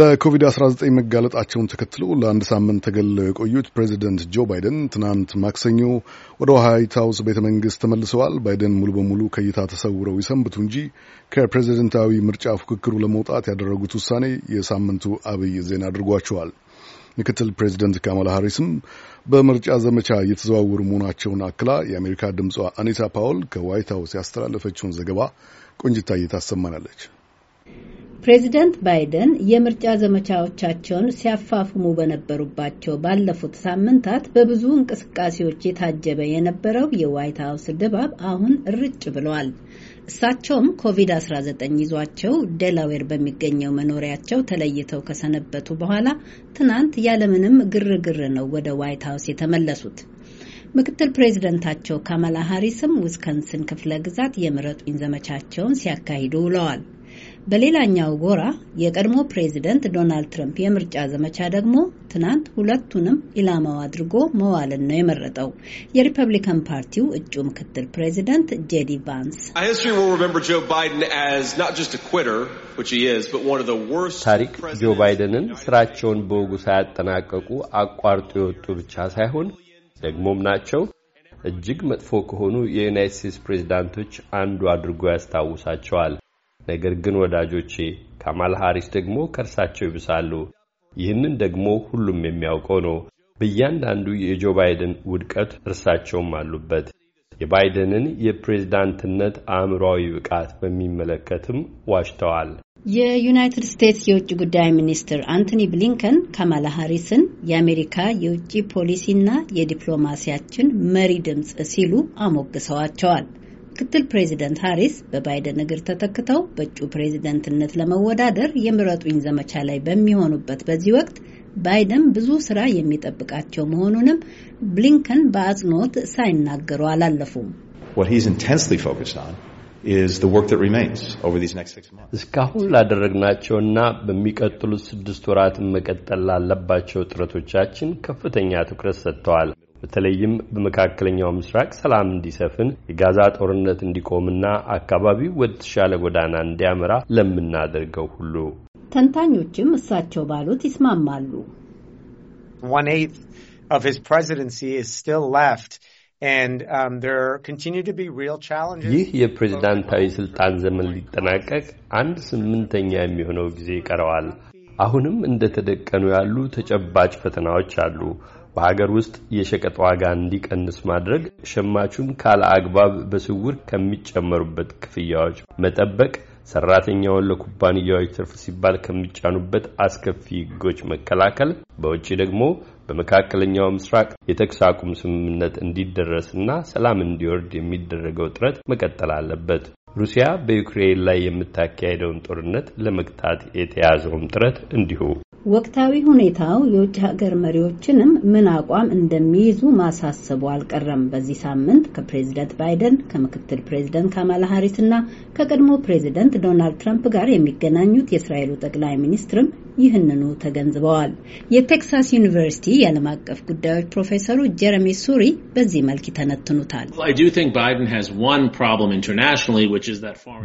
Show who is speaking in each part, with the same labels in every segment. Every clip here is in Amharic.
Speaker 1: ለኮቪድ-19 መጋለጣቸውን ተከትሎ ለአንድ ሳምንት ተገልለው የቆዩት ፕሬዚደንት ጆ ባይደን ትናንት ማክሰኞ ወደ ዋይት ሀውስ ቤተ መንግስት ተመልሰዋል። ባይደን ሙሉ በሙሉ ከእይታ ተሰውረው ይሰንብቱ እንጂ ከፕሬዚደንታዊ ምርጫ ፉክክሩ ለመውጣት ያደረጉት ውሳኔ የሳምንቱ አብይ ዜና አድርጓቸዋል። ምክትል ፕሬዚደንት ካማላ ሀሪስም በምርጫ ዘመቻ እየተዘዋወሩ መሆናቸውን አክላ የአሜሪካ ድምጿ አኒታ ፓውል ከዋይት ሀውስ ያስተላለፈችውን ዘገባ ቆንጅታ እየታሰማናለች።
Speaker 2: ፕሬዚደንት ባይደን የምርጫ ዘመቻዎቻቸውን ሲያፋፍሙ በነበሩባቸው ባለፉት ሳምንታት በብዙ እንቅስቃሴዎች የታጀበ የነበረው የዋይት ሀውስ ድባብ አሁን ርጭ ብሏል። እሳቸውም ኮቪድ-19 ይዟቸው ዴላዌር በሚገኘው መኖሪያቸው ተለይተው ከሰነበቱ በኋላ ትናንት ያለምንም ግርግር ነው ወደ ዋይት ሀውስ የተመለሱት። ምክትል ፕሬዚደንታቸው ካማላ ሀሪስም ዊስከንስን ክፍለ ግዛት የምረጡኝ ዘመቻቸውን ሲያካሂዱ ውለዋል። በሌላኛው ጎራ የቀድሞ ፕሬዚደንት ዶናልድ ትራምፕ የምርጫ ዘመቻ ደግሞ ትናንት ሁለቱንም ኢላማው አድርጎ መዋልን ነው የመረጠው። የሪፐብሊካን ፓርቲው እጩ ምክትል ፕሬዚደንት ጄዲ ቫንስ
Speaker 1: ታሪክ ጆ ባይደንን ስራቸውን በወጉ ሳያጠናቀቁ አቋርጦ የወጡ ብቻ ሳይሆን ደግሞም ናቸው እጅግ መጥፎ ከሆኑ የዩናይት ስቴትስ ፕሬዚዳንቶች አንዱ አድርጎ ያስታውሳቸዋል። ነገር ግን ወዳጆቼ ካማል ሃሪስ ደግሞ ከእርሳቸው ይብሳሉ። ይህንን ደግሞ ሁሉም የሚያውቀው ነው። በእያንዳንዱ የጆ ባይደን ውድቀት እርሳቸውም አሉበት። የባይደንን የፕሬዝዳንትነት አእምሯዊ ብቃት በሚመለከትም ዋሽተዋል።
Speaker 2: የዩናይትድ ስቴትስ የውጭ ጉዳይ ሚኒስትር አንቶኒ ብሊንከን ካማላ ሃሪስን የአሜሪካ የውጭ ፖሊሲና የዲፕሎማሲያችን መሪ ድምፅ ሲሉ አሞግሰዋቸዋል። ምክትል ፕሬዚደንት ሃሪስ በባይደን እግር ተተክተው በእጩ ፕሬዚደንትነት ለመወዳደር የምረጡኝ ዘመቻ ላይ በሚሆኑበት በዚህ ወቅት ባይደን ብዙ ስራ የሚጠብቃቸው መሆኑንም ብሊንከን በአጽንኦት ሳይናገሩ አላለፉም።
Speaker 1: እስካሁን ላደረግናቸውና በሚቀጥሉት ስድስት ወራትን መቀጠል ላለባቸው ጥረቶቻችን ከፍተኛ ትኩረት ሰጥተዋል። በተለይም በመካከለኛው ምስራቅ ሰላም እንዲሰፍን የጋዛ ጦርነት እንዲቆምና አካባቢው ወደተሻለ ጎዳና እንዲያመራ ለምናደርገው ሁሉ።
Speaker 2: ተንታኞችም እሳቸው ባሉት ይስማማሉ። um,
Speaker 1: ይህ የፕሬዝዳንታዊ ስልጣን ዘመን ሊጠናቀቅ አንድ ስምንተኛ የሚሆነው ጊዜ ይቀረዋል። አሁንም እንደተደቀኑ ያሉ ተጨባጭ ፈተናዎች አሉ። በሀገር ውስጥ የሸቀጥ ዋጋ እንዲቀንስ ማድረግ፣ ሸማቹን ካለ አግባብ በስውር ከሚጨመሩበት ክፍያዎች መጠበቅ፣ ሰራተኛውን ለኩባንያዎች ትርፍ ሲባል ከሚጫኑበት አስከፊ ሕጎች መከላከል፣ በውጭ ደግሞ በመካከለኛው ምስራቅ የተኩስ አቁም ስምምነት እንዲደረስና ሰላም እንዲወርድ የሚደረገው ጥረት መቀጠል አለበት። ሩሲያ በዩክሬን ላይ የምታካሄደውን ጦርነት ለመግታት የተያዘውም ጥረት እንዲሁ
Speaker 2: ወቅታዊ ሁኔታው የውጭ ሀገር መሪዎችንም ምን አቋም እንደሚይዙ ማሳሰቡ አልቀረም። በዚህ ሳምንት ከፕሬዝደንት ባይደን ከምክትል ፕሬዝደንት ካማላ ሀሪስ እና ከቀድሞ ፕሬዝደንት ዶናልድ ትራምፕ ጋር የሚገናኙት የእስራኤሉ ጠቅላይ ሚኒስትርም ይህንኑ ተገንዝበዋል። የቴክሳስ ዩኒቨርሲቲ የዓለም አቀፍ ጉዳዮች ፕሮፌሰሩ ጀረሚ ሱሪ በዚህ መልክ ይተነትኑታል።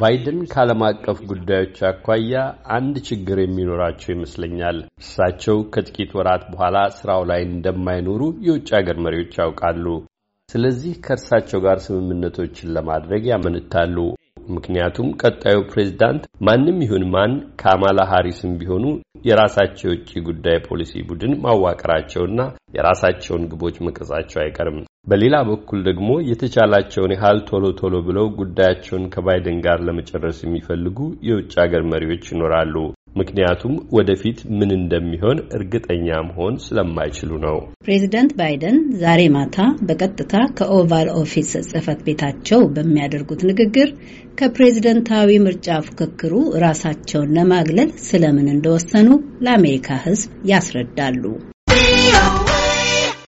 Speaker 1: ባይደን ከዓለም አቀፍ ጉዳዮች አኳያ አንድ ችግር የሚኖራቸው ይመስለኛል። እሳቸው ከጥቂት ወራት በኋላ ስራው ላይ እንደማይኖሩ የውጭ ሀገር መሪዎች ያውቃሉ። ስለዚህ ከእርሳቸው ጋር ስምምነቶችን ለማድረግ ያመነታሉ። ምክንያቱም ቀጣዩ ፕሬዝዳንት ማንም ይሁን ማን ካማላ ሃሪስም ቢሆኑ የራሳቸው የውጭ ጉዳይ ፖሊሲ ቡድን ማዋቀራቸውና የራሳቸውን ግቦች መቀጻቸው አይቀርም። በሌላ በኩል ደግሞ የተቻላቸውን ያህል ቶሎ ቶሎ ብለው ጉዳያቸውን ከባይደን ጋር ለመጨረስ የሚፈልጉ የውጭ ሀገር መሪዎች ይኖራሉ። ምክንያቱም ወደፊት ምን እንደሚሆን እርግጠኛ መሆን ስለማይችሉ ነው።
Speaker 2: ፕሬዚደንት ባይደን ዛሬ ማታ በቀጥታ ከኦቫል ኦፊስ ጽህፈት ቤታቸው በሚያደርጉት ንግግር ከፕሬዚደንታዊ ምርጫ ፉክክሩ ራሳቸውን ለማግለል ስለምን እንደወሰኑ ለአሜሪካ ሕዝብ ያስረዳሉ።